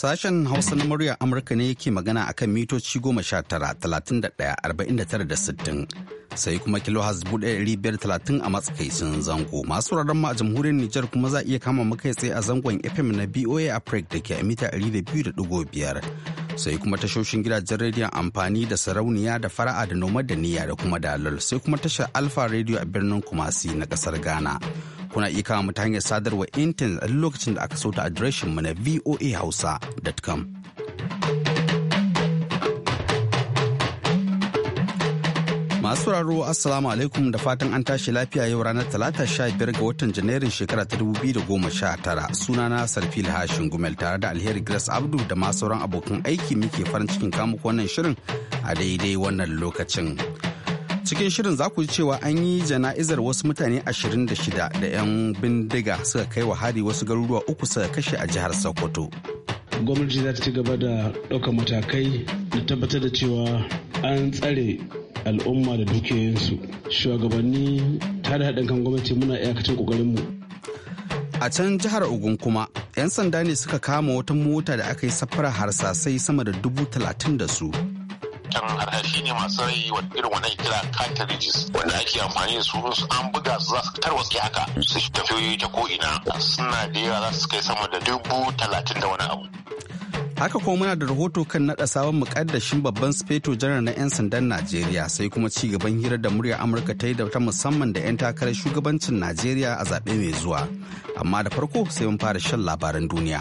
Sashen Hausa na murya Amurka ne yake magana a kan mitoci goma sha tara, talatin da ɗaya, arba'in da tara da sittin. Sai kuma kilohaz buɗe ɗari biyar talatin a matsakaicin zango. Masu wuraren ma a jamhuriyar Nijar kuma za a iya kama makai tsaye a zangon FM na BOA Africa da ke a mita ɗari da biyu da ɗigo biyar. Sai kuma tashoshin gidajen rediyon amfani da sarauniya da fara'a da noma da niyya da kuma dalol. Sai kuma tashar Alfa Radio a birnin Kumasi na ƙasar Ghana. kuna iya kama mu ta hanyar sadarwa intanet a lokacin da aka so ta adireshin mu na voahausa.com. Masu sauraro Assalamu alaikum da fatan an tashi lafiya yau ranar talata sha biyar ga watan Janairun shekara ta dubu biyu da goma sha tara suna na Sarfil Hashin Gumel tare da Alheri Grace Abdu da masu sauran abokan aiki muke farin cikin kamuka wannan shirin a daidai wannan lokacin. cikin shirin za ku ji cewa an yi jana'izar wasu mutane 26 da 'yan bindiga suka kai wa hari wasu garuruwa uku suka kashe a jihar sokoto gwamnati za ta ci gaba da ɗaukar matakai da tabbatar da cewa an tsare al'umma da dukiyoyinsu shugabanni ta da haɗin kan gwamnati muna iyakacin ƙoƙarinmu a can jihar ogun kuma 'yan sanda ne suka kama wata mota da aka yi safara harsasai sama da dubu talatin da su kan harhashi ne masu rai wa irin wannan kira cartridges wanda ake amfani da su an buga su za su tarwatsi haka su tafi ta ko ina suna da yawa za su kai sama da dubu talatin da wani abu haka kuma muna da rahoto kan naɗa sabon mukaddashin babban speto janar na 'yan sandan najeriya sai kuma ci gaban hira da murya amurka ta yi da ta musamman da 'yan takarar shugabancin najeriya a zaɓe mai zuwa amma da farko sai mun fara shan labaran duniya.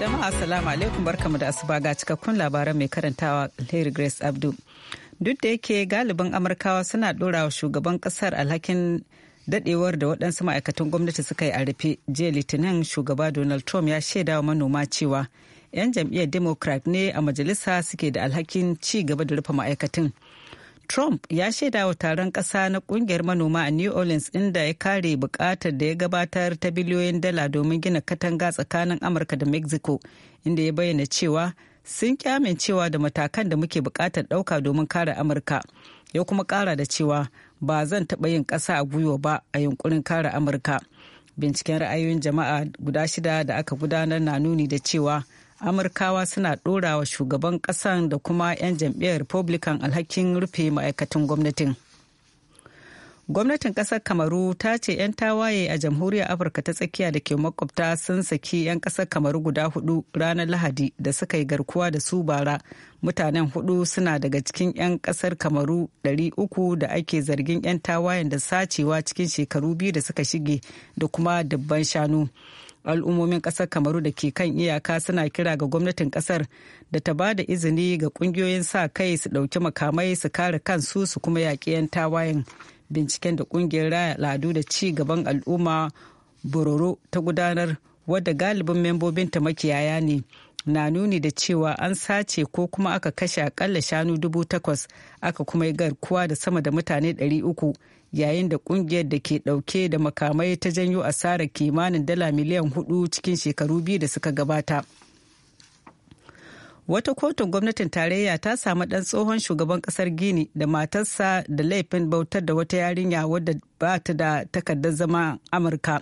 Jama'a salamu alaikum barkamu da asuba ga cikakkun labaran mai karantawa Larry Grace Abdu. Duk da yake galibin Amurkawa suna ɗora wa shugaban ƙasar alhakin daɗewar da waɗansu ma'aikatan gwamnati suka yi a rufe jiya litinin shugaba Donald Trump ya shaidawa manoma cewa 'yan jam'iyyar Democrat ne a majalisa suke da alhakin ci gaba da rufe ma'aikatan. Trump ya shaida wa taron ƙasa na ƙungiyar manoma a New Orleans inda ya kare buƙatar da ya gabatar ta biliyoyin dala domin gina katanga tsakanin Amurka da Mexico, inda ya bayyana cewa sun cewa da matakan da muke buƙatar ɗauka domin kare Amurka. Ya kuma ƙara da cewa ba zan taɓa yin ƙasa a gwiwa ba a yunkurin kare Amurka. Binciken ra'ayoyin jama'a guda shida da aka gudanar na nuni da cewa amurkawa suna ɗora wa shugaban ƙasan da kuma 'yan jam'iyyar republican alhakin rufe ma'aikatan gwamnatin gwamnatin ƙasar kamaru ta ce 'yan tawaye a jamhuriyar afirka ta tsakiya da ke makwabta sun saki 'yan ƙasar kamaru guda hudu ranar lahadi da suka yi garkuwa da su bara mutanen hudu suna daga cikin 'yan ƙasar kamaru 300 da ake zargin 'yan tawayen da sacewa cikin shekaru biyu da suka shige da kuma dubban shanu al'ummomin kasar kamaru da ke kan iyaka suna kira ga gwamnatin kasar da ta ba da izini ga kungiyoyin sa kai su ɗauki makamai su kare kansu su kuma yaƙi 'yan tawayen binciken da kungiyar raya al'adu da ci gaban al'umma bororo ta gudanar wadda galibin membobin ta makiyaya ne na nuni da cewa an sace ko kuma aka kashe akalla shanu dubu takwas aka kuma yi garkuwa da sama da mutane ɗari uku yayin da kungiyar da ke dauke da makamai ta janyo asarar kimanin dala miliyan hudu cikin shekaru biyu da suka gabata wata kotun gwamnatin tarayya ta samu dan tsohon shugaban kasar gini da matarsa da laifin bautar da wata yarinya wadda ba ta da takardar zama amurka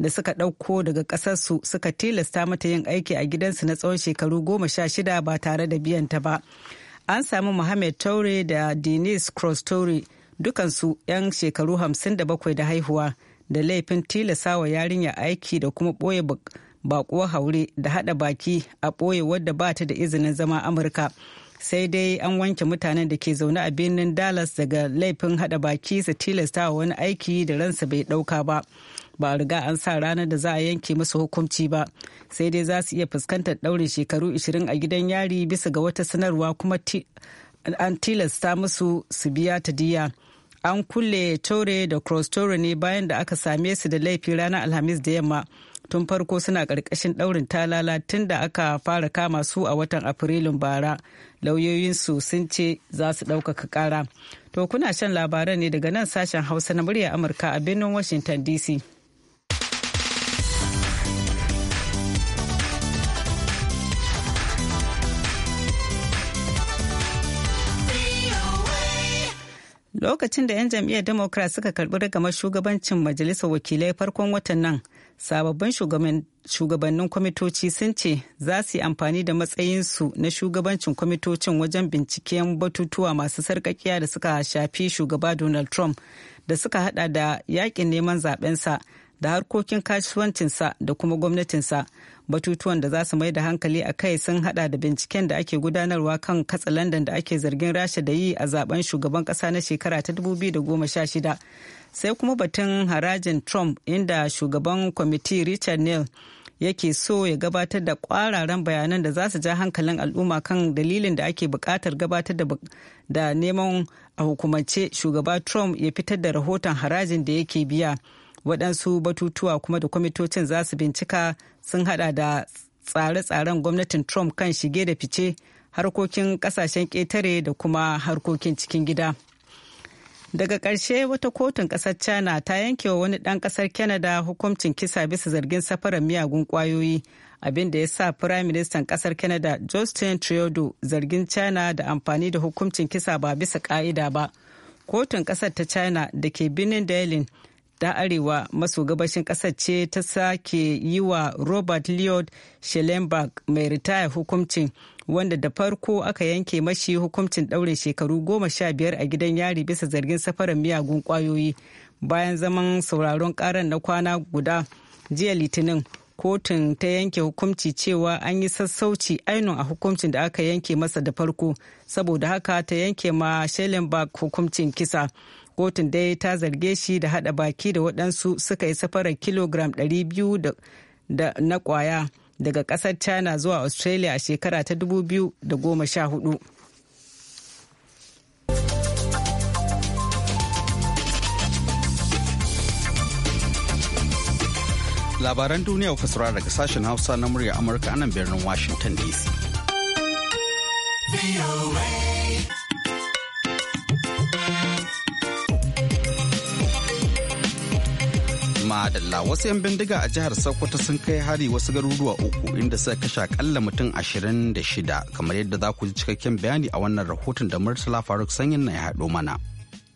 da suka ɗauko daga ƙasarsu suka tilasta mata yin aiki a gidansu na tsawon shekaru goma sha shida ba tare da biyanta ba an samu mohammed taure da denise cross taure dukansu 'yan shekaru hamsin da bakwai da haihuwa da laifin tilasawa yarinya aiki da kuma ɓoye baƙo haure da hada baki a ɓoye wadda ba ta da izinin zama amurka sai dai an wanke mutanen da ke zaune a birnin dallas daga laifin hada baki su tilasta wa wani aiki da ransa bai dauka ba ba a riga an sa ranar da za a yanke musu hukunci ba sai dai za su iya fuskantar daurin shekaru 20 a gidan yari bisa ga wata sanarwa kuma an tilasta musu su biya ta diya an kulle taure da cross taure ne bayan da aka same su da laifi ranar alhamis da yamma tun farko suna ƙarƙashin ɗaurin talala tun da aka fara kama su a watan afrilun bara lauyoyinsu sun ce za su ɗaukaka ƙara to kuna shan labaran ne daga nan sashen hausa na murya amurka a birnin washington dc lokacin da 'yan jam'iyyar democrat suka karbi rigamar shugabancin majalisar wakilai farkon watan nan sababbin shugabannin kwamitoci sun ce za su yi amfani da matsayinsu na shugabancin kwamitocin wajen binciken batutuwa masu sarkakiya da suka shafi shugaba donald trump da suka hada da yakin neman zabensa da harkokin kasuwancinsa da kuma gwamnatinsa batutuwan da za su mai da hankali a kai sun hada da binciken da ake gudanarwa kan landan da ake zargin rasha da yi a zaben shugaban kasa na shekara ta 2016 sai kuma batun harajin trump inda shugaban kwamiti richard neal yake so ya gabatar da kwararan bayanan da za su ja hankalin al'umma kan dalilin da ake bukatar gabatar da neman a hukumance shugaba trump ya fitar da rahoton harajin da yake biya. waɗansu batutuwa kuma da kwamitocin za su bincika sun hada da tsare-tsaren gwamnatin trump kan shige da fice harkokin ƙasashen ƙetare da kuma harkokin cikin gida daga ƙarshe wata kotun ƙasar china ta yanke wa wani ɗan ƙasar canada hukuncin kisa bisa zargin safarar miyagun ƙwayoyi abin da ya sa prime ministan ƙasar canada justin trudeau zargin china da amfani da hukuncin kisa ba bisa ƙa'ida ba kotun ƙasar ta china da ke birnin berlin ta arewa maso gabashin kasar ce ta sake yi wa robert leod schellenberg mai ritaya hukuncin wanda da farko aka yanke mashi hukuncin ɗaurin shekaru goma sha biyar a gidan yari bisa zargin safarar miyagun kwayoyi bayan zaman sauraron karan na kwana guda jiya litinin kotun ta yanke hukunci cewa an yi sassauci ainun a hukuncin da aka yanke masa da farko saboda haka ta yanke ma schellenberg hukuncin kisa kotun dai ta zarge shi da hada baki da waɗansu suka yi safarar kilogram 200 na kwaya daga ƙasar china zuwa australia a shekara ta 2014 labaran duniya fasara daga sashen hausa na murya amurka anan birnin washington dc Madalla wasu 'yan bindiga a jihar Sokoto sun kai hari wasu garuruwa uku inda suka kashe akalla mutum 26 kamar yadda za ku ji cikakken bayani a wannan rahoton da Murtala Faruk Sanyin na ya haɗo mana.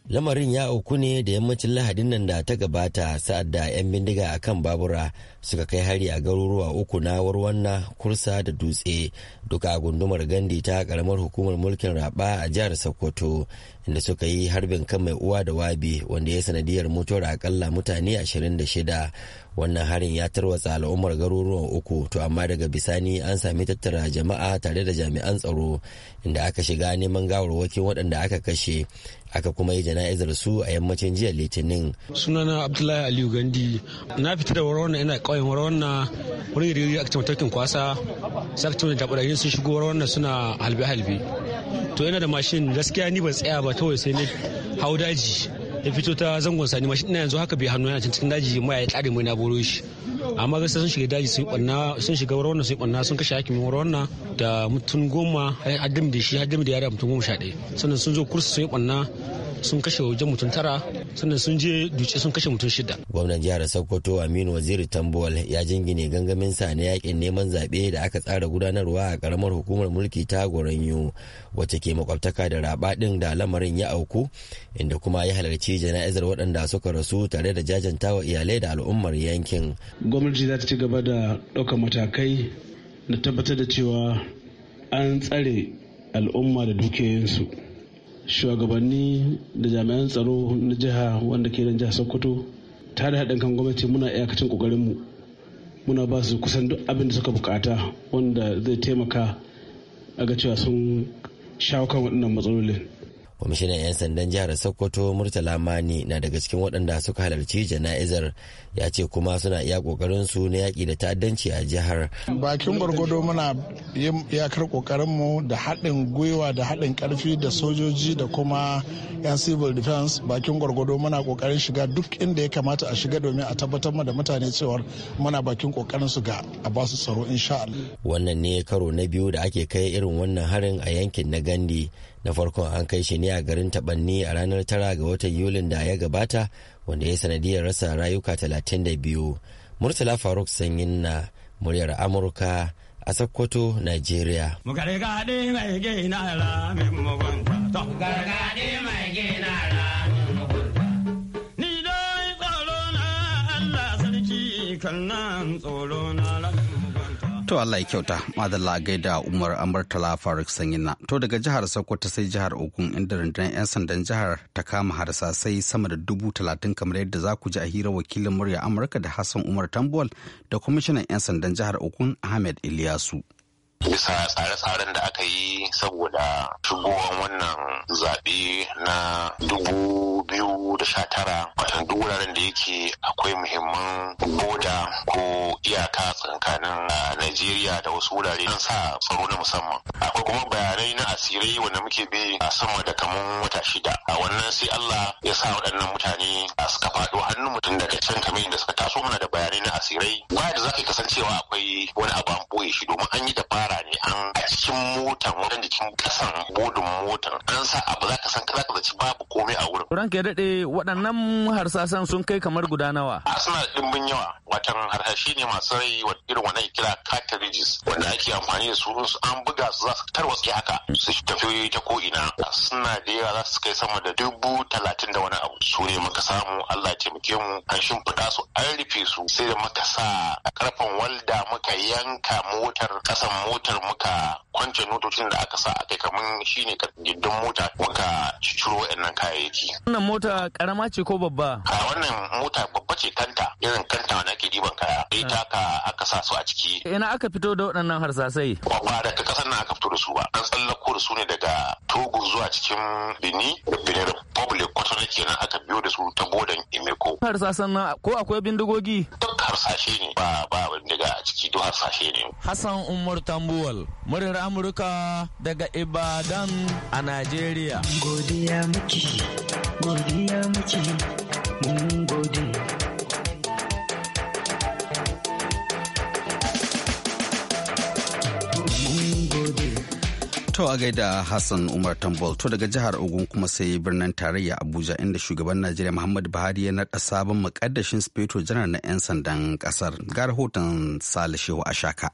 lamarin ya auku ne da yammacin lahadin nan da ta gabata sa'ad da 'yan bindiga a kan babura suka kai hari a garuruwa uku na warwanna kursa da dutse duka a gundumar gandi ta karamar hukumar mulkin raba a jihar sokoto inda suka yi harbin kan mai uwa da wabi wanda ya sanadiyar mutuwar akalla mutane 26 wannan harin ya tarwatsa al'ummar garuruwan uku to amma daga bisani an sami tattara jama'a tare da jami'an tsaro inda aka shiga neman gawarwakin waɗanda aka kashe aka kuma yi jana'izar su a yammacin jiya litinin sunana abdullahi aliyu gandi na fita da warwana ina ƙauyen na wurin riri a cikin matakin kwasa sai aka cewa sun shigo warwana suna halbe halbe to yana da mashin gaskiya ni ban tsaya ba kawai sai ne hau daji ya fito ta zangon sani mashi ina yanzu haka bai hannu yana cikin daji mai ya tsare mai na boro shi amma gaskiya sun shiga daji sun barna sun shiga wannan sun barna sun kashe hakimin wannan da mutum goma har da shi har da yara mutum goma sha ɗaya sannan sun zo kursu sun barna sun kashe wajen mutum tara sannan sun je duce sun kashe mutum shida. Gwamnan jihar Sokoto Aminu Waziri Tambuwal ya jingine gangamin sa na yakin neman zaɓe da aka tsara gudanarwa a karamar hukumar mulki ta goranyu wacce ke makwabtaka da raba ɗin da lamarin ya auku inda kuma ya halarci jana'izar waɗanda suka rasu tare da jajantawa iyalai da al'ummar yankin. Gwamnati za ta ci gaba da ɗaukar matakai na tabbatar da cewa an tsare al'umma da dukiyoyinsu. shugabanni da jami'an tsaro na jiha wanda ke nan jihar sokoto tare da haɗin kan gwamnati muna iyakacin ƙoƙarinmu muna ba su kusan duk abin da suka bukata wanda zai taimaka a ga cewa sun shawo kan waɗannan matsalolin kwamishinan 'yan sandan jihar sokoto murtala mani na daga cikin waɗanda suka halarci jana'izar ya ce kuma suna iya ƙoƙarin su na yaƙi da ta'addanci a jihar bakin gwargwado muna iyakar ƙoƙarin mu da haɗin gwiwa da haɗin ƙarfi da sojoji da kuma 'yan civil defense bakin gwargwado muna ƙoƙarin shiga duk inda ya kamata a shiga domin a tabbatar da mutane cewar muna bakin ƙoƙarin su ga a basu tsaro insha Allah wannan ne karo na biyu da ake kai irin wannan harin a yankin na gandi na farko an kai shi ne a garin tabanni a ranar tara ga watan yulin da ya gabata wanda ya sanadiyar rasa rayuka 32 murtala faruk sanyin na muryar amurka a sokoto nigeria kan nan tsoro na To Allah ya kyauta, madalla gaida Umar Amurtala Faruk Sanyina. To daga jihar Sokoto sai jihar Ogun inda rundunar 'yan sandan jihar ta kama harsa sai sama da dubu talatin kamar yadda za ku ji a hira wakilin murya Amurka da Hassan Umar Tambuwal da kwamishinan 'yan sandan jihar Ogun Ahmed Ilyasu. bisa tsare-tsaren da aka yi saboda shigowar wannan zaɓe na dubu biyu da sha tara watan duk wuraren da yake akwai muhimman boda ko iyaka tsakanin Najeriya da wasu wurare an sa tsaro na musamman. Akwai kuma bayanai na asirai wanda muke bi a sama da kaman wata shida. A wannan sai Allah ya sa waɗannan mutane a suka faɗo hannun mutum daga can kamar yadda suka taso mana da bayanai na asirai. Ba da za ka kasancewa akwai wani abu an boye shi domin an yi dabara jami'an a cikin motan wajen jikin kasan bodin motan an sa abu za ka san ka ka zaci babu komai a wurin. Ranka ya daɗe waɗannan harsasan sun kai kamar guda nawa. A suna da ɗimbin yawa watan harsashi ne masu rai irin wannan kira cartridges wanda ake amfani da su an buga su za su tarwatsi haka su tafi ta ko ina suna da yawa za su kai sama da dubu talatin da wani abu su ne muka samu Allah ɗauke mu an shimfiɗa su an rufe su sai da muka sa a karfan walda muka yanka motar ƙasan motar muka kwance motocin da aka sa a kai kamar shine gindin mota muka ciro waɗannan kayayyaki. Wannan mota karama ce ko babba? A wannan mota babba ce kanta irin kanta wani ake diban kaya. Ah. Ita ka aka sa su a ciki. Ina aka fito da waɗannan harsasai? Ba daga ƙasar nan aka fito da su ba. An tsallako da su ne daga Togo zuwa cikin Benin da Benin Republic kwatana kenan aka biyo da su ta bodan Imeko. Harsasan nan ko akwai bindigogi? Duk harsashe ne ba ba bindiga a ciki duk harsashe ne. Hassan Umar Tambuwal, muryar Amurka daga Ibadan a Najeriya. Godiya muke, godiya muke, mun gode. To a gaida Hassan Umar Tambol to daga jihar Ogun kuma sai birnin tarayya Abuja inda shugaban Najeriya Muhammadu Buhari ya naɗa sabon makaddashin Sufeto janar na 'yan sandan ƙasar ga rahoton Salishewa shaka.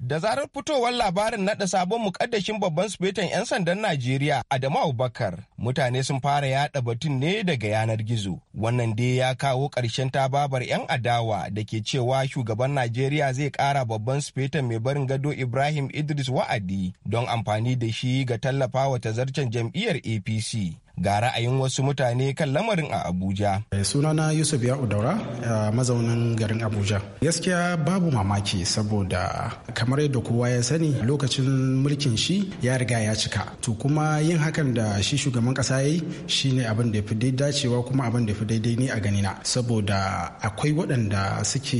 Da zarar fitowar labarin naɗa sabon mukaddashin babban sufetan 'yan sandan Najeriya Adamu Abubakar, mutane sun fara yaɗa batun ne daga yanar gizo. Wannan dai ya kawo ƙarshen tababar 'yan adawa da ke cewa shugaban Najeriya zai ƙara babban sufetan mai barin gado Ibrahim Idris wa'adi don amfani da shi ga tallafawa tazarcen jam'iyyar APC. ga ra'ayin wasu mutane kan lamarin a abuja sunana yusuf ya udaura mazaunin garin abuja gaskiya babu mamaki saboda kamar yadda kowa ya sani lokacin mulkin shi ya riga ya cika to kuma yin hakan da shi shugaban kasa ya yi shine abin da ya fi dacewa kuma abin da ya fi daidai ne a ganina saboda akwai waɗanda suke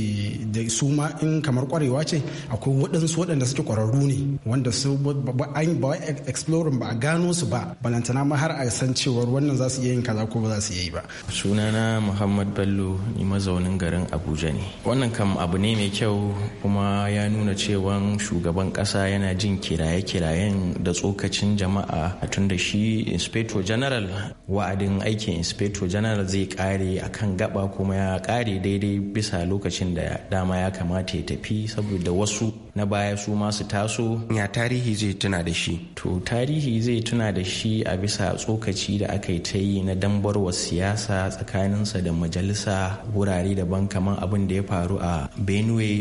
da su ma in kamar kwarewa ce akwai waɗansu waɗanda suke kwararru ne wanda su ba a ba a gano su ba balantana ma har a san cewar wannan za su iya yin kaza ko ba za su iya yi ba sunana muhammad bello ni mazaunin garin abuja ne wannan kam abu ne mai kyau kuma ya nuna cewa shugaban kasa yana jin kiraye-kirayen da tsokacin jama'a tun da shi inspector general wa'adin aikin inspector general zai kare akan gaba kuma ya kare daidai bisa lokacin da dama ya kamata ya tafi saboda wasu na baya su masu taso ya tarihi zai tuna da shi to tarihi zai tuna da shi a bisa tsokaci da aka yi ta yi na dambarwa siyasa tsakaninsa da majalisa wurare daban kamar abin da ya faru a benue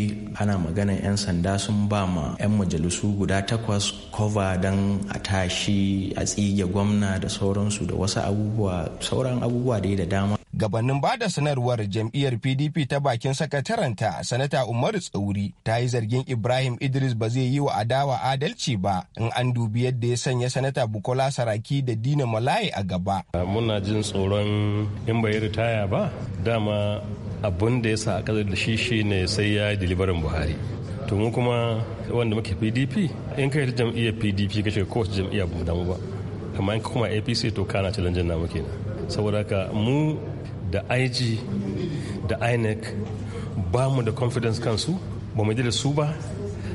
ana magana 'yan sanda sun ba ma 'yan majalisu guda takwas kova don a tashi a tsige gwamna da sauransu da wasu abubuwa sauran abubuwa da dama gabanin ba da sanarwar jam'iyyar pdp ta bakin sakataranta sanata umaru tsauri ta yi zargin ibrahim idris ba zai yi wa adawa adalci ba in an dubi yadda ya sanya sanata bukola saraki da dina malaye a gaba muna jin tsoron in bai ritaya ba dama abun da ya sa a kasar da shi ne sai ya yi dilibarin buhari to mu kuma wanda muke pdp in kai ta jam'iyyar pdp kashe kowace jam'iyyar ba mu ba amma in kuma apc to kana challenge na muke saboda haka mu da IG da INEC ba mu da confidence kansu ba mu ji da su ba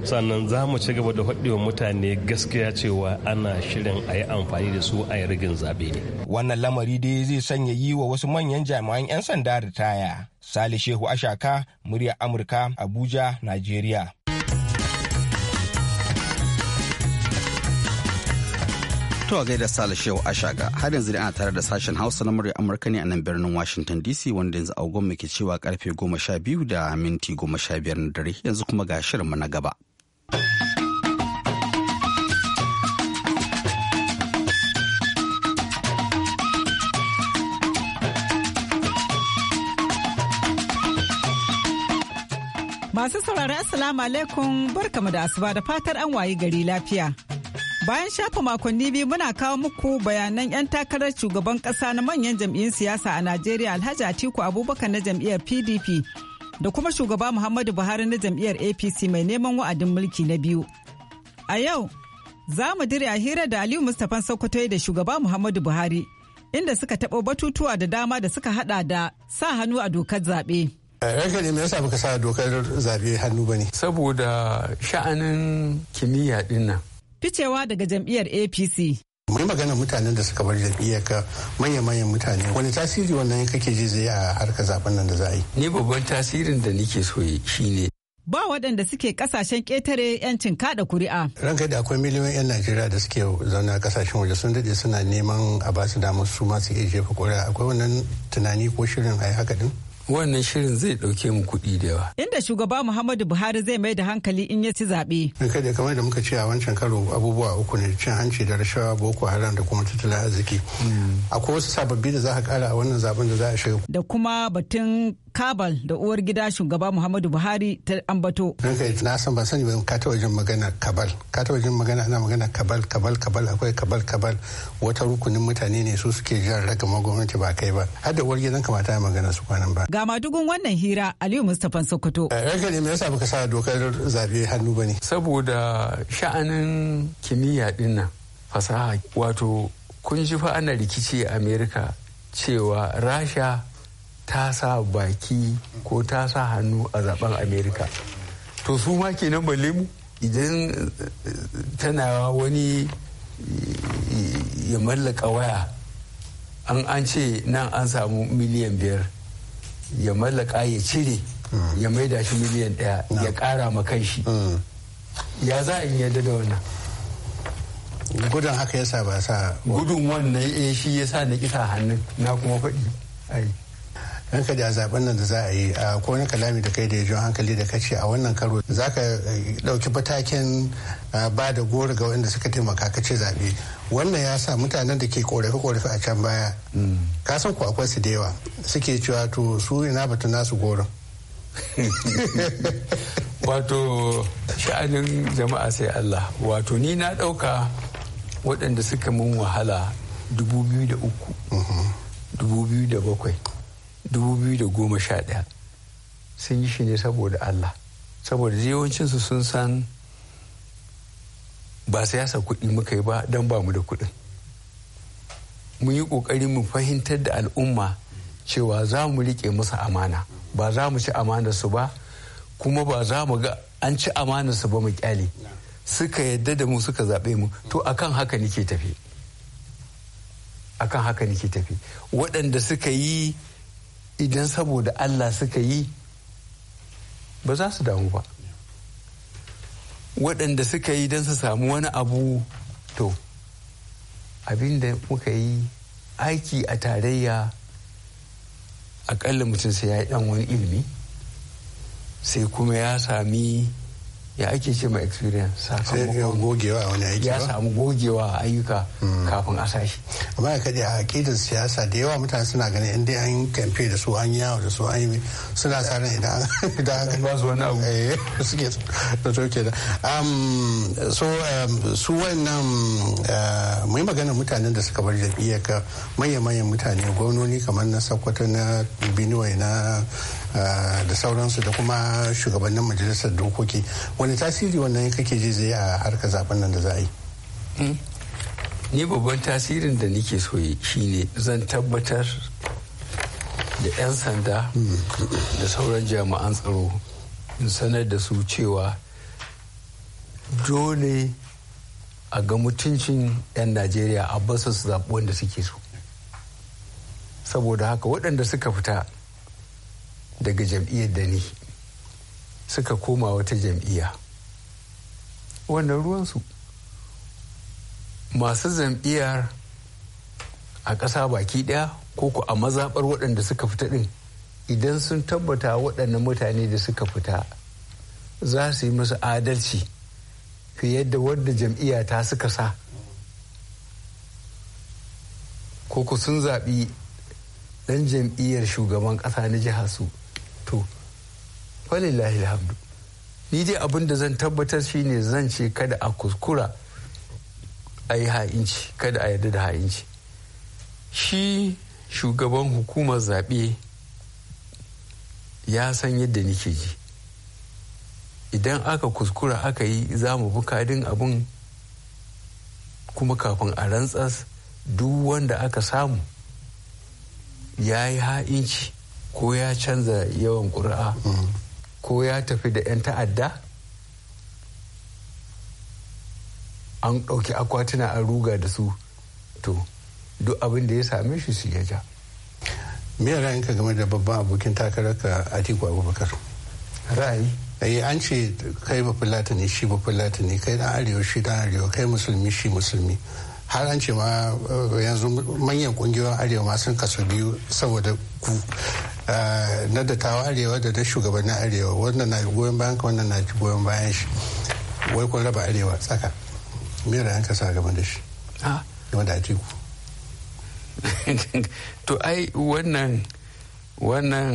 sannan za mu ci gaba da haɗewa mutane gaskiya cewa ana shirin a yi amfani da su a yi rigin zaɓe ne. Wannan lamari dai zai sanya yi wa wasu manyan jami'an 'yan sanda da taya. Sale Shehu Ashaka, murya Amurka, Abuja, Najeriya. To gaida Sale Shehu Ashaga har yanzu ana tare da sashen Hausa na murya Amurka ne a nan birnin Washington DC wanda yanzu agon ke cewa karfe goma sha biyu da minti goma biyar na dare yanzu kuma ga shirinmu na gaba. Masu saurari Assalamu alaikum barkamu da asuba da fatar an wayi gari lafiya. Bayan shafa makonni biyu muna kawo muku bayanan 'yan takarar shugaban kasa na manyan jam'iyyun siyasa a Najeriya Alhaji Atiku Abubakar na jam'iyyar PDP da kuma shugaba Muhammadu Buhari na jam'iyyar APC mai neman wa'adin mulki na biyu. A yau, za mu dire a hira da Aliyu Mustapha Sokoto da shugaba Muhammadu Buhari inda suka taɓo batutuwa da dama da suka hada da sa hannu a dokar zaɓe. Eh, ranka ne mai sa dokar zabe hannu bane saboda sha'anin kimiyya ɗin nan ficewa daga jam'iyyar apc mai magana mutanen da suka bar jam'iyyar ka manya-manyan mutane wani tasiri wannan kake ji zai a harka zaben nan da za yi ni babban tasirin da nike so shine ba waɗanda suke kasashen ƙetare 'yancin kaɗa kuri'a. Ranka da akwai miliyoyin 'yan Najeriya da suke zauna a kasashen waje sun daɗe suna neman a basu damar su masu iya jefa kuri'a akwai wannan tunani ko shirin a haka din? wannan shirin zai ɗauke mu kuɗi da yawa. Inda shugaba Muhammadu Buhari zai mai da hankali in ya ci zaɓe. Kada kamar da muka ce a wancan karo abubuwa uku ne cin hanci da rashawa boko haram da kuma tattalin arziki. Hmm. Akwai wasu sababbi da za a kara a wannan zaben da za a shiga. Da kuma batun kabal da uwar gida shugaba muhammadu buhari ta ambato na san ba sani ba ka ta wajen magana kabal ka ta wajen magana ana magana kabal kabal kabal akwai kabal kabal wata rukunin mutane ne su suke jan ragama gwamnati ba kai ba har da uwar gidan kamata magana su kwanan ba ga madugun wannan hira aliyu mustapha sokoto eh, ranka ne me yasa baka sa dokar zabe hannu ba ne? saboda sha'anin kimiyya dinnan fasaha wato kun ji fa ana rikici a amerika cewa rasha ta sa baki ko ta sa hannu a zaben amerika to su ma kenan balle mu idan eh, tana wani eh, ya mallaka waya an an ce nan an samu miliyan biyar ya mallaka ya cire ya maida shi miliyan daya ya kara ma shi mm. ya za in yadda da wannan gudun haka yasa ba sa gudun wannan eh shi yasa na kisa hannun na kuma faɗi ranka da zaben nan da za a yi a wani kalami da kai da ya hankali da kace a wannan karo za ka eh, ɗauki matakin eh, ba da goro ga wanda suka taimaka ka ce zaɓe wannan ya sa mutanen da ke korafe korafe a can baya ka san ku akwai su da yawa suke cewa to su ina batun nasu goron wato sha'anin jama'a sai Allah wato ni na ɗauka waɗanda suka mun wahala 2003 2007 2011 sun yi shi ne saboda allah saboda yawancinsu sun san ba siyasa kuɗi muka yi ba don ba mu da kuɗin mun yi ƙoƙari mu fahimtar da al'umma cewa za mu riƙe musu amana ba za mu ci amanarsu ba kuma ba za mu ga an ci amanarsu ba mu kyale suka yadda da mu suka zaɓe mu to akan haka nike tafi akan haka nike tafi waɗanda suka yi idan saboda allah suka yi ba za su damu ba waɗanda suka yi don su samu wani abu to abin da muka yi aiki a tarayya akalla mutum sai ya yi ɗan wani ilimi sai kuma ya sami ya ake ce mai experience sakamakon gogewa a wani aiki ya samu gogewa a ayyuka hmm. kafin a sashi amma ka kaje a aƙidar siyasa da yawa mutane suna ganin in dai an kamfe da su an yawo da su an yi suna sa ran idan idan an ba su wani abu eh suke da to da um so um, su wannan eh, mai magana mutanen da suka bar jam'iyyar ka manya-manyan mutane gwamnoni kamar na Sokoto na Benue na Eh, da sauransu da kuma shugabannin majalisar dokoki wani tasiri wannan kake ji zai a harkar zaben nan da za a yi hmm? ni babban tasirin da nike so yi shine zan tabbatar da 'yan sanda da sauran jami'an tsaro in sanar da su cewa dole a ga mutuncin 'yan najeriya a basu su zaɓi wanda suke so saboda haka waɗanda suka fita daga jam'iyyar da ni suka koma wata jam'iyya wannan ruwansu masu jam'iyyar a ƙasa baki ɗaya ko ku a mazaɓar waɗanda suka fita ɗin idan sun tabbata waɗannan mutane da suka fita za su yi musu adalci fiye da wadda jam'iyya ta suka sa ko ku sun zaɓi ɗan jam'iyyar shugaban ƙasa na jihar su walillahi alhamdu ni dai abin da zan tabbatar shine zan ce kada a kuskura a yi ha'inci kada a yarda da ha'inci shi shugaban hukumar zaɓe ya san yadda nike ji idan aka kuskura aka yi za mu bi kadin abin kuma kafin a rantsas duk wanda aka samu ya yi ha'inci ko ya canza yawan ƙuri'a mm. ko ya tafi da 'yan ta'adda an ɗauki akwatuna a ruga da su to duk abin da ya same shi su ya ja me ra'ayinka game da babban abokin takarar ka atiku abubakar ra'ayi eh an ce kai ba fulata ne shi ba fulata kai dan arewa shi dan arewa kai musulmi shi musulmi har an ce ma eh, yanzu manyan kungiyoyin arewa ma sun kasu biyu saboda ku na dattawan arewa da na shugabannin arewa wannan na goyon bayan ka wannan na goyon bayan shi wai kun raba arewa tsaka me ra'ayin ka sa gaban da shi game da atiku to ai wannan wannan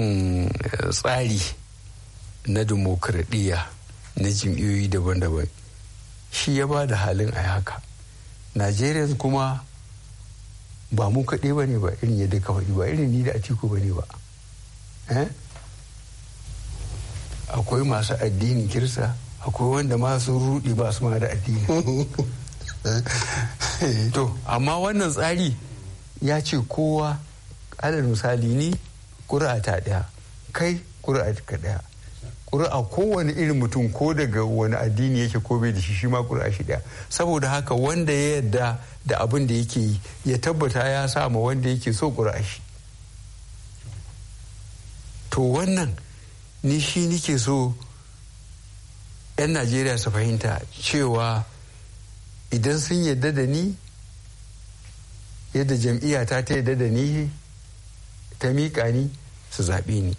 eh, tsari na demokradiyya na jam'iyyoyi daban-daban shi ya ba da halin a haka najeriya kuma ba mu kaɗai ba ne ba irin yadda kawai ba irin ni da atiku ba ne ba Eh? akwai masu addini kirsa akwai wanda masu rudi ba su ma da addini to amma wannan tsari ya ce kowa alal misali ni ƙura ta ɗaya kai ƙura ka ɗaya ƙuri'a kowane irin mutum ko daga wani addini yake ko bai da shi shi ma kura shi ɗaya saboda haka wanda ya yarda da abin da yake yi ya tabbata ya sa ma wanda yake so ƙur'a shi to wannan ni shi nike so 'yan najeriya su fahimta cewa idan sun yadda da ni yadda jam'iyya ta ta yadda da ni ta miƙa ni su zaɓe ni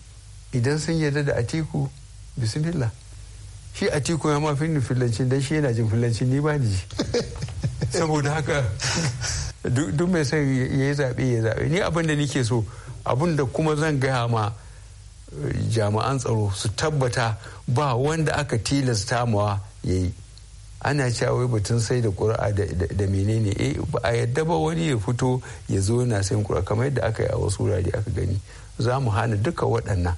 idan sun yadda da atiku bismillah shi atiku ya mafi ni filancin don shi yana jin filancin ni ba ni saboda haka duk mai son ya yi zaɓe ya zaɓe ni abin da nike so abin da kuma zan gaya ma jami'an tsaro su tabbata ba wanda aka tilasta mawa ya yi ana cewa batun sai da ƙura da menene eh ba a yadda ba wani ya fito ya zo na sayan ƙura kamar yadda aka yi a wasu wurare aka gani za mu hana duka waɗannan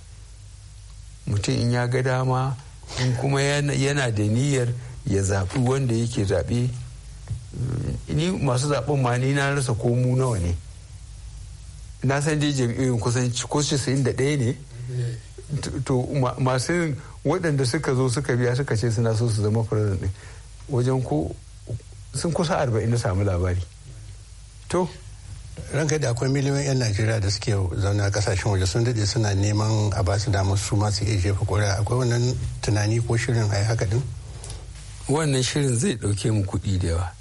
mutum in ya ga dama in kuma yana da niyyar ya zaɓi wanda yake zaɓe ni masu zaɓen ma ni na rasa komu nawa ne na san dai jam'iyyun kusan ko 91 ne to masu waɗanda suka zo suka biya suka ce suna so su zama president ɗin wajen ko sun kusa arba'in na samu labari to ranka da akwai miliyoyin 'yan najeriya da suke zauna a kasashen waje sun daɗe suna neman a ba su damar su masu iya jefa ƙuri'a akwai wannan tunani ko shirin a haka din wannan shirin zai ɗauke mu kuɗi da yawa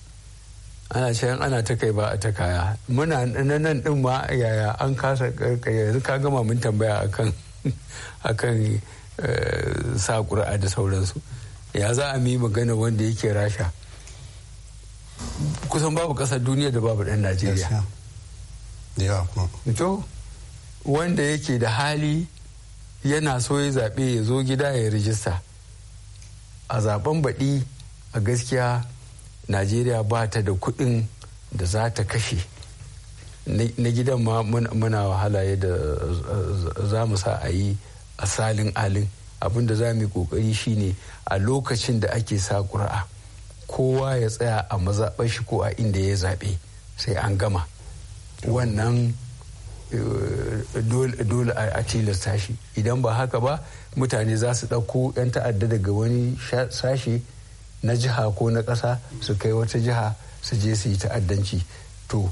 ana ce ana ta kai ba a ta kaya muna nan din ma yaya an kasa yanzu ka gama mun tambaya akan kan eh, sa ƙura'a da sauransu ya za a mi magana wanda yake rasha kusan babu ƙasar duniya da babu ɗan najeriya to wanda yake da hali yana so ya zaɓe ya zo gida ya rijista a zaben baɗi a gaskiya najeriya ba ta da kuɗin da za ta kashe na gidan ma muna wahala yadda eh, za mu sa a yi a salin alin abin da za mu yi kokari shine a lokacin da ake sa ƙura'a kowa ya tsaya a mazaɓar shi ko a inda ya zaɓe sai an gama wannan eh, dole a tilasta shi idan ba haka ba mutane za su ɗauko 'yan ta'adda daga wani sashe na jiha ko na ƙasa su kai wata jiha su je su yi ta'addanci to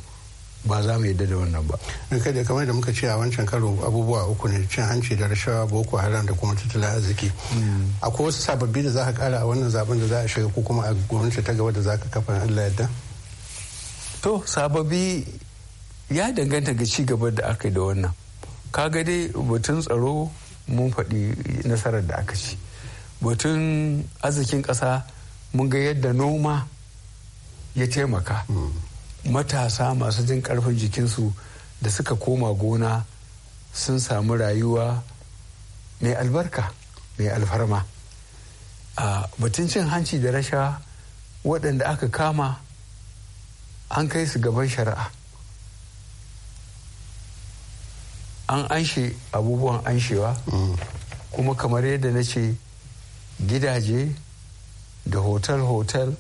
ba za mu yi da wannan ba. in eh, kai kamar da muka ce a wancan karo abubuwa uku ne cin hanci da rashawa boko haram da kuma tattalin arziki hmm. akwai wasu sababbi da za ka kara a wannan zaben da za a shiga ko kuma a gwamnati ta gaba da za ka kafa allah yadda. to sababbi ya danganta ga ci gaba da aka yi da wannan Ka ga dai batun tsaro mun faɗi nasarar da aka ci batun arzikin ƙasa mun ga yadda noma ya taimaka. Hmm. matasa masu jin karfin jikinsu da suka koma gona sun samu rayuwa mai albarka mai alfarma a batun cin hanci da rasha waɗanda aka kama an kai su gaban shari'a an anshe abubuwan anshewa kuma kamar yadda na ce gidaje da hotel-hotel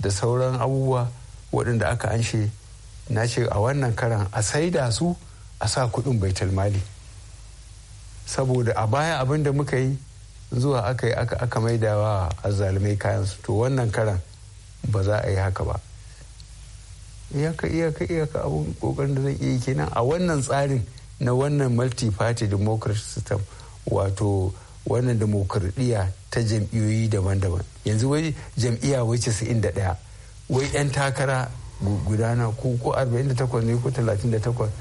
da sauran abubuwa waɗanda aka anshe na ce a wannan karan a sai da su a sa kuɗin baitul mali saboda a baya abin da muka yi zuwa aka yi aka aka maidawa azzalumai kayansu to wannan karan ba za a yi haka ba iyaka iyaka iyaka abun kokarin da zan iya kenan a wannan tsarin na wannan multi-party democracy system wato wannan demokradiyya ta jam'iyyoyi daban-daban yanzu wai jam'iyya wai 91 wai 'yan takara gudana ko ko 48 ne ko 38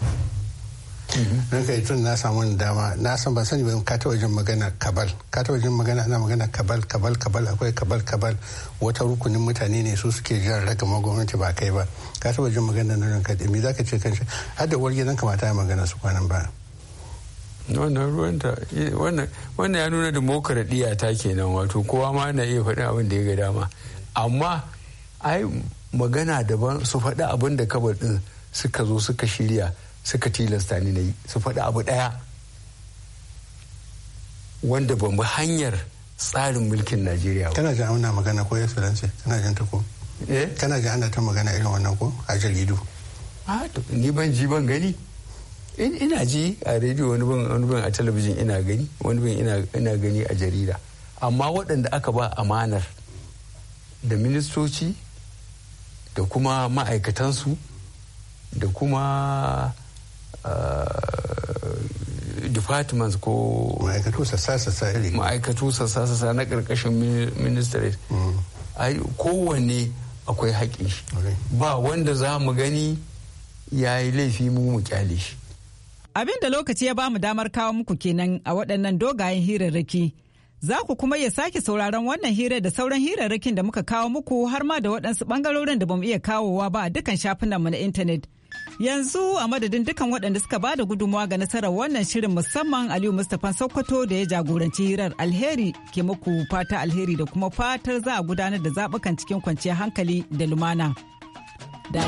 mhm. ranka kai tun na samu wani dama na san ban sani ba kata ta wajen magana kabal ka ta wajen magana ana magana kabal kabal kabal akwai kabal kabal wata rukunin mutane ne su suke jiran raga gwamnati ba kai ba ka ta wajen magana na ranka da me zaka ce kan shi har da warge kamata ya magana su kwanan ba wannan ruwanta wannan ya nuna dimokuraɗiyya ta kenan wato kowa ma na iya faɗin abin da ya ga dama amma ai magana daban su faɗi abin da kabar ɗin suka zo suka shirya suka tilasta ni na yi su faɗi abu ɗaya wanda ban bi hanyar tsarin mulkin najeriya tana jin ana magana ko yasu lance tana jin ta ko eh? tana jin ana ta magana irin wannan ko a jaridu ni ban ji ban gani ina ji a rediyo wani ban wani ban a talabijin ina gani wani ban ina gani a jarida amma waɗanda aka ba amanar da ministoci da kuma ma'aikatansu da kuma ah, departments ko ma'aikatu sassa-sassa na ƙarƙashin ministries mm. kowanne akwai haƙƙi ba wanda za mu gani ya yi laifi mu mu kyale shi abin da lokaci ya ba mu damar kawo muku kenan a waɗannan dogayen hirarraki Za ku kuma iya sake sauraron wannan hirar da sauran hirarrakin da muka kawo muku har ma da waɗansu ɓangarorin da bamu iya kawowa ba a dukkan mu na intanet. Yanzu a madadin dukkan waɗanda suka bada gudunmawa ga nasarar wannan shirin musamman Aliyu Mustapha Sokoto da ya jagoranci hirar alheri ke muku fata alheri da kuma fatar za a gudanar da zaɓukan cikin kwanciyar hankali da lumana. Da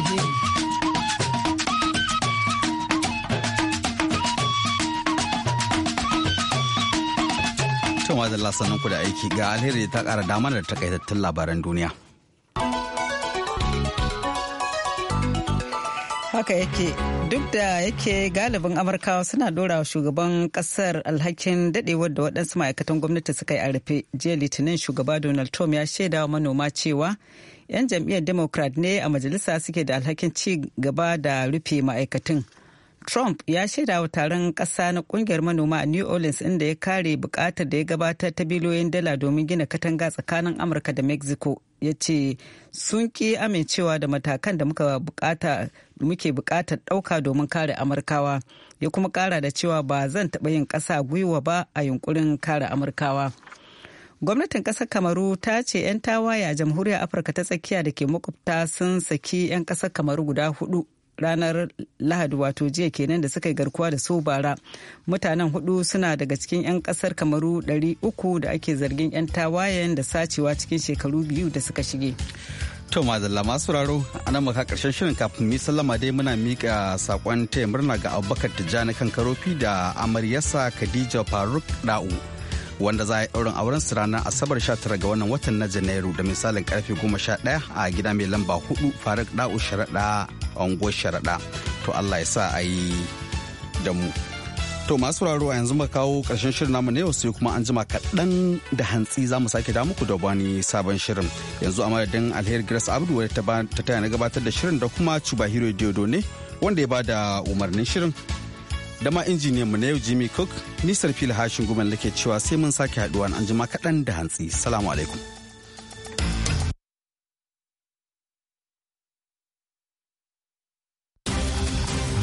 ma da lasannin ku da aiki ga alheri ta kara dama da takaitattun labaran duniya. haka yake duk da yake galibin amurkawa suna dora wa shugaban kasar alhakin dadewar da waɗansu ma'aikatan gwamnati suka yi a rufe jiya litinin shugaba donald trump ya shaida wa manoma cewa 'yan jam'iyyar democrat ne a majalisa suke da alhakin ci gaba da rufe ma'aikatan Trump ya shaida wa taron ƙasa na ƙungiyar manoma a New Orleans inda ya kare bukatar da ya gabatar ta biliyoyin dala domin gina katanga tsakanin Amurka da Mexico. Ya ce sun ƙi amincewa da matakan da muka bukata muke bukatar ɗauka domin kare Amurkawa. Ya kuma kara da cewa ba zan taɓa yin ƙasa gwiwa ba a yunkurin kare Amurkawa. gwamnatin kasar kamaru ta ce 'yan tawaye a jamhuriyar afirka ta tsakiya da ke makwabta sun saki 'yan kasar kamaru guda hudu ranar lahadi wato jiya kenan da suka yi garkuwa da su bara mutanen hudu suna daga cikin 'yan kasar kamaru 300 da ake zargin 'yan tawayen da sacewa cikin shekaru biyu da suka shige to mazalla masu raro a nan maka karshen shirin kafin mi sallama dai muna mika sakon taya murna ga abubakar tijjani kan karofi da amaryarsa khadija faruk da'u wanda za a yi ɗaurin auren su ranar asabar 19 ga wannan watan na janairu da misalin karfe 11 a gida mai lamba 4 faruk da'u sharaɗa a unguwar sharaɗa to allah ya sa a yi da mu to masu raro a yanzu kawo ƙarshen shirin namu na yau sai kuma an jima kaɗan da hantsi za mu sake da muku da wani sabon shirin yanzu a madadin alheri grace abdu wadda ta ta na gabatar da shirin da kuma chubahiro diodo ne wanda ya ba da umarnin shirin da ma mu na yau jimmy cook nisar fili hashin gumen lake cewa sai mun sake haɗuwa an jima kaɗan da hantsi salamu alaikum